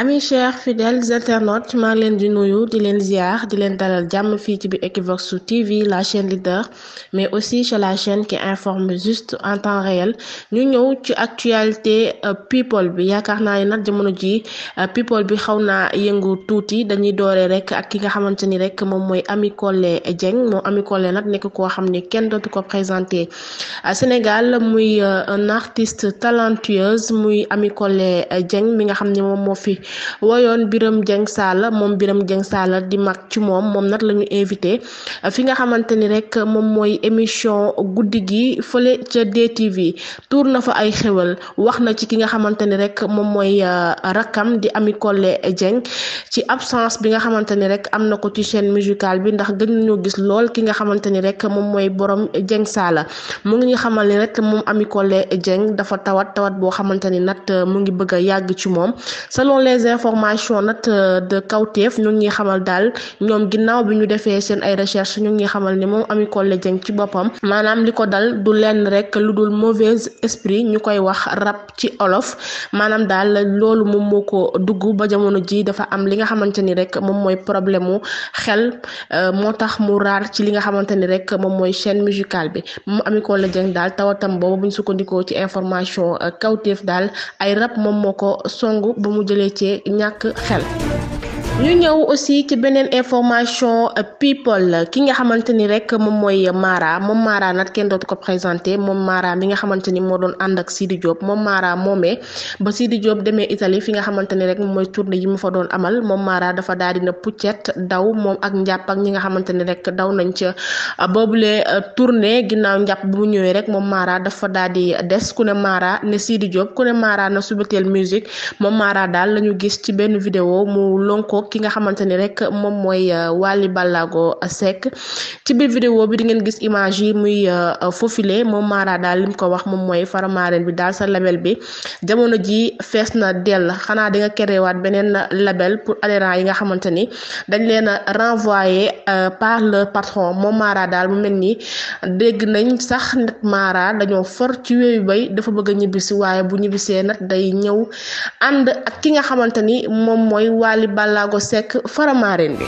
ami chers fidèles internautes maa ngi leen di nuyu di leen ziar di leen dalal jàmm fii ci bi Equivox TV la chaîne leader mais aussi chez la chaîne qui informe juste en temps réel ñu ñëw ci actualité euh, people bi yaakaar naa ne nag jamono ji euh, people bi xaw naa yëngu tuuti dañuy dooree rek ak ki nga xamante ni rek moom mooy Ami Collé Dieng moom Ami Collé nag nekk koo xam ne kenn dootu ko présenté euh, Sénégal muy un artiste talentueuse muy Ami Collé Dieng mi nga xam ne moom moo fi woyoon Biram Jeng Sall moom Biram Jeng Sall di mag ci moom moom nag la ñu invité fi nga xamante ni rek moom mooy émission guddi gi fële ca DTV tuur na fa ay xewal wax na ci ki nga xamante ni rek moom mooy euh, rakkam di Ami Collé Dieng ci absence bi nga xamante ni rek am na ko ci chaîne musicale bi ndax gën nañoo gis lool ki nga xamante ni rek moom mooy borom jëng saala mu ngi ñu xamal rek moom Ami Collé Dieng dafa tawat tawat boo xamante ni nag euh, mu ngi bëgg a yàgg ci moom selon les les informations nag euh, de kawteef ñu ngi xamal daal ñoom ginnaaw bi ñu defee seen ay recherche ñu ngi xamal ni moom Ami Collé Dieng ci boppam maanaam li ko dal du lenn rek lu dul mauvais esprit ñu koy wax rab ci olof maanaam daal loolu moom moo ko dugg ba jamono ji dafa am li nga xamante ni rek moom mooy problème mu xel euh, moo tax mu raar ci li nga xamante ni rek moom mooy chaine musicale bi moom Ami Collé Dieng daal tawatam boobu bu sukkandikoo ci information euh, kawteef daal ay rab moom moo ko song ba mu jëlee ci cee ñàkk xel ñu ñëw aussi ci beneen information euh, people ki nga xamante ni rek moom mooy Mara moom Mara nag kenn dootu ko présenté moom maara mi nga xamante ni moo doon ànd ak Sidi Diop moom Mara moomee ba Sidi Diop demee Italie fi nga xamante ni rek moom mooy tournée yi mu fa doon amal moom Mara dafa daal dina puccet daw moom ak njàpp ak ñi nga xamante ni rek daw nañ ca euh, boobule euh, tournée ginnaaw njàpp bu mu ñëwee rek moom Mara dafa daal di des ku ne Mara ne Sidi Diop ku ne Mara na subateel musique moom Mara daal lañu gis ci benn vidéo mu lonko mook ki nga xamante ni rek moom mooy euh, Wally Ballago Seck ci biir vidéo bi di ngeen gis image yi muy euh, fofile moom Mara daal lim ko wax moom mooy faramaaren bi daal sa label bi jamono ji fees na dell xanaa di nga kerewaat beneen label pour adhérents yi nga xamante ni dañ leen a renvoyé euh, par le patron moom Mara daal mu mel ni dégg nañ sax nag Mara dañoo for ci wéyu bay dafa bëgg a ñibbisi waaye bu ñibbisee nag day ñëw ànd ak ki nga xamante moom mooy Seck Faramareen bi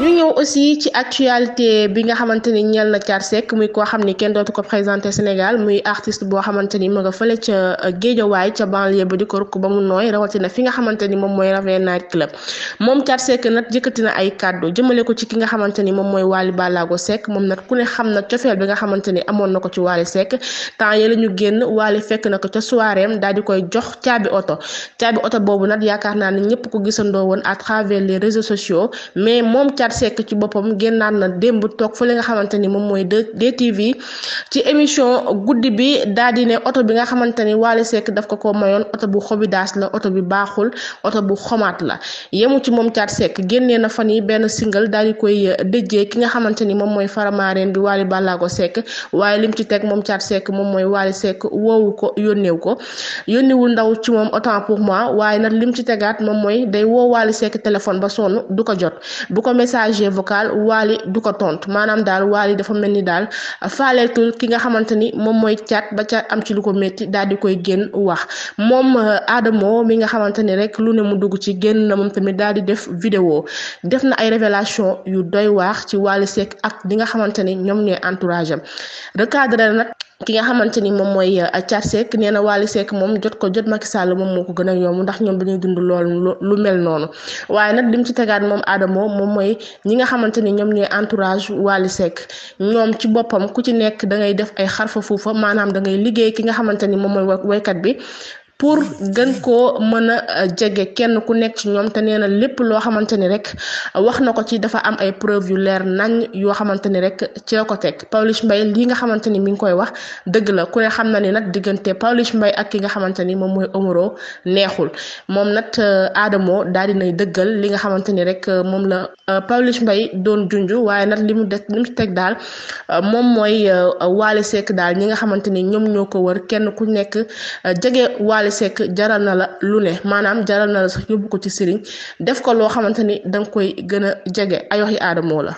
ñu ñëw aussi ci actualité bi nga xamante ni ñeel na Thiat Seck muy koo xam ni kenn dootu ko présenté Sénégal muy artiste boo xamante ni ma nga fële ca euh, Géejawaay ca banlieue ba di ko ba mu nooy rawatina fi nga xamante ni moom mooy Raven Night Club moom Thiat Seck nag jëkkati na ay kàddu jëmale ko ci ki nga xamante ni moom mooy Wally Ballago Seck moom nag ku ne xam na cofeel bi nga xamante ni amoon na ko ci Wally Seck temps yi la ñu génn Wally fekk na ko ca soiréem daal di koy jox caabi oto caabi oto boobu nag yaakaar naa ne ñëpp ko gisandoo woon à travers les réseaux sociaux Thiat Seck ci boppam génnaat na démb toog fa li nga xamante ni moom mooy DTV ci émission guddi bi daal di ne oto bi nga xamante ni Wally Seck daf ko ko mayoon oto bu xobidaas la oto bi baaxul oto bu xomaat la yemu ci moom Thiat sekk génnee na fan yi benn single daal di koy euh, dëjee ki nga xamante ni moom mooy faramaareen bi Wally Ballago Seck waaye lim ci teg moom Thiat Seck moom mooy Wally Seck woowu ko yónneew ko yónniwul ndaw ci moom autant pour moi waaye nag lim ci tegaat moom mooy day woo Wally Seck téléphone ba sonn du ko jot bu ko messager vocal Wally du ko tontu maanaam daal Wally dafa mel ni daal faaleetul ki nga xamante ni moom mooy caat ba ca am ci lu ko métti daal di koy génn wax moom euh, Adamo mi nga xamante ni rek lu ne mu dugg ci génn na moom tamit daal di def vidéo def na ay révélation yu doy waax ci Wally Seck ak li nga xamante ni ñoom ñooy entourage am recadré nag ki nga xamante ni moom mooy euh, a Seck nee na Wally Seck moom jot ko jot Macky Sall moom moo ko gën a yomb ndax ñoom dañuy dund loolu lu mel noonu waaye nag di mu ci tegaat moom Adamo moom mooy ñi nga xamante ni ñoom ñooy entourage Wally Seck ñoom ci boppam ku ci nekk dangay def ay xarfa fuufa maanaam da ngay liggéey ki nga xamante ni moom mooy waykat bi pour gën koo mën a euh, jege kenn ku nekk ci ñoom te nee na lépp loo xamante ni rek wax na ko ci dafa am ay preuve yu leer nañ yoo xamante ni rek ci la ko teg Pawlish Mbaye lii nga xamante ni mi ngi koy wax dëgg la ku xam na ni nag diggante Pawlish Mbaye ak ki nga xamante ni moom mooy Omaro neexul moom nag aadamoo euh, daal nay dëggal li nga xamante ni rek euh, moom la Pawlish mbay doon junj waaye nag li mu des li mu teg daal moom mooy Wally Seck daal ñi nga xamante ni ñoom ñoo ko wër kenn ku nekk jege Wally Seck jaral na la lu ne maanaam jaral na la sax yóbbu ko ci sëriñ def ko loo xamante ni danga koy gën a jege ayox yi aadamoo la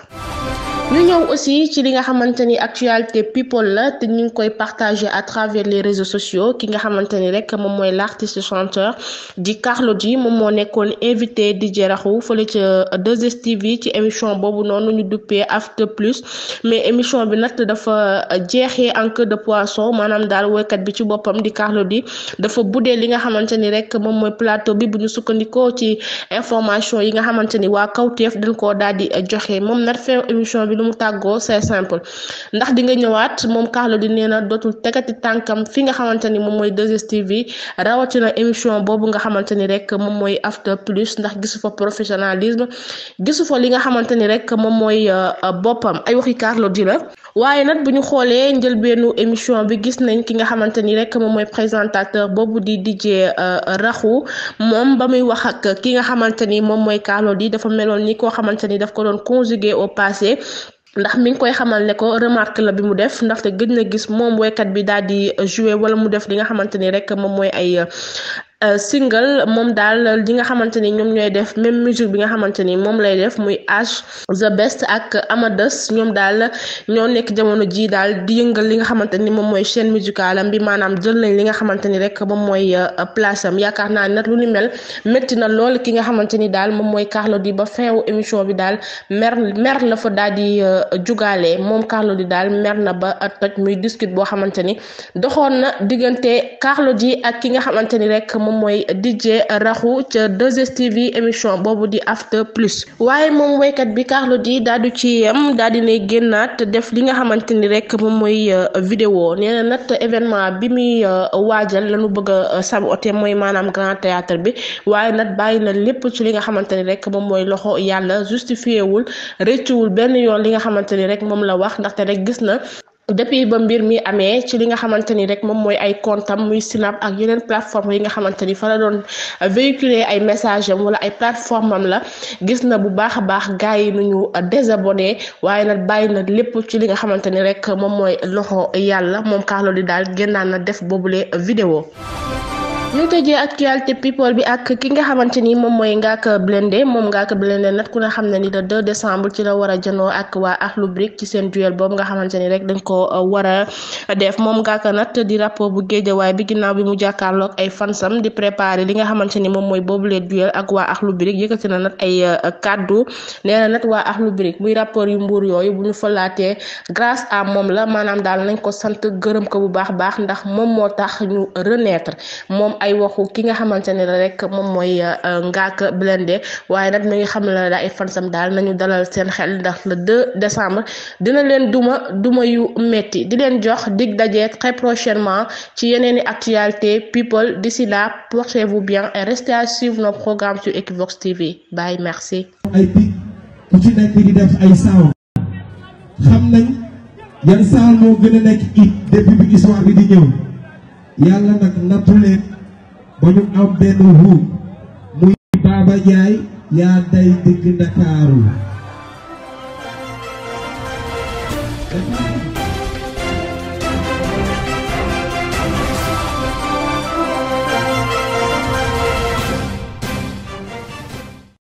ñu ñëw aussi ci li nga xamante ni actualité people la te ñu ngi koy partager à travers les réseaux sociaux ki nga xamante ni rek moom mooy l'artiste chanteur di Carlou D moom moo nekkoon invité di jeraxu fële ca 2STV ci émission boobu noonu ñu duppee Plus mais émission bi nag dafa jeexee en queue de poisson maanaam daal woykat bi ci boppam di Carlou D dafa buddee li nga xamante ni rek moom mooy plateau bi bu ñu sukkandikoo ci information yi nga xamante ni waa Kawtef dañ koo daal di joxe moom nag fin émission bi. lu mu tàggoo c'est simple ndax di nga ñëwaat moom Carlou D nee na dootul tegati tànkam fi nga xamante ni moom mooy 2STV rawatina émission boobu nga xamante ni rek moom mooy after plus ndax gisu fa professionnalisme gisu fa li nga xamante ni rek moom mooy euh, boppam ay waxi Carlou waaye nag bu ñu xoolee njëlbeenu émission bi gis nañ ki nga xamante ni rek moom mooy présentateur boobu di DJ euh, raxu moom ba muy wax ak ki nga xamante ni moom mooy Carlou di dafa meloon ni koo xamante ni daf ko doon conjugué au passé. ndax mi ngi koy xamal ne ko remarque la bi mu def ndaxte gëj na gis moom woykat bi daal di jouer wala mu def li nga xamante ni rek moom mooy ay Euh, single moom daal li nga xamante ni ñoom ñooy def même musique bi nga xamante ni moom lay def muy H the best ak Amadeus ñoom daal ñoo nekk jamono jii daal di yëngal li nga xamante ni moom mooy chaîne musicale am bi maanaam jël nañ li nga xamante ni rek moom mooy euh, place am yaakaar naa nag lu ni mel métti na lool ki nga xamante ni daal moom mooy Carlou D ba feewu émission bi daal mer mer la fa daal di euh, jugaale moom Carlou D daal mer na ba toj muy discute boo xamante ni doxoon na diggante Carlou D ak ki nga xamante rek mooy DJ Rakhou ca 2STV émission boobu di After Plus waaye moom woykat bi Carlou D daal di ci yem daal di ne génnaat def li nga xamante ni rek moom mooy euh, vidéo nee na nag événement bi muy euh, waajal lañu bëgg a euh, saboté mooy maanaam grand théâtre bi waaye nag bàyyi na lépp ci li nga xamante ni rek moom mooy loxo yàlla justifié wul rëccuwul benn yoon li nga xamante ni rek moom la wax ndaxte rek gis na depuis ba mbir mi amee ci li nga xamante ni rek moom mooy ay comptam muy Snap ak yeneen plateforme yi nga xamante ni fa doon véhiculer ay message am wala ay plateforme am la gis na bu baax a baax gars yi nu ñu désabonné waaye nag bàyyi na lépp ci li nga xamante ni rek moom mooy loxo yàlla moom Carlou D daal génnaan na def boobule vidéo ñu tëjee actualité people bi ak ki nga xamante ni moom mooy Ngaaka Blindé moom Ngaaka Blindé nag ku ne xam ne ni le décembre ci la war a janoo ak waa Akhlou Brick seen duel boobu nga xamante ni rek dañ ko uh, war a def moom Ngaaka nag di rapport bu géejawaay bi ginnaaw bi mu jàkkaarloog ay fansam di préparer li nga xamante ni moom mooy boobu le duel ak waa Akhlou Brick yëkkati na ay uh, kaddu nee nag waa Akhlou Brick rapport yu mbuur yooyu bu ñu falaatee grâce à moom la maanaam daal nañ ko sant gërëm ko bu baax baax ndax moom moo tax ñu renaître moom ay waxu ki nga xamante ne la rek moom mooy euh, Ngaaka Blindé waaye nag mi ngi xam ne la ay sam daal nañu dalal seen xel ndax le 2 décembre dina leen duma duma yu metti di leen jox dig daje très prochainement ci yeneen i actualité people d'ici là portez-vous bien et restez à suivre sur Equivox TV bye merci. ku ci nekk di def ay saaw xam nañ yan saal moo gën a nekk it depuis bi histoire bi di ñëw yàlla nag nattu ba ñu am benn wu muy Baba Ndiaye yaa day dëgg Ndakaaru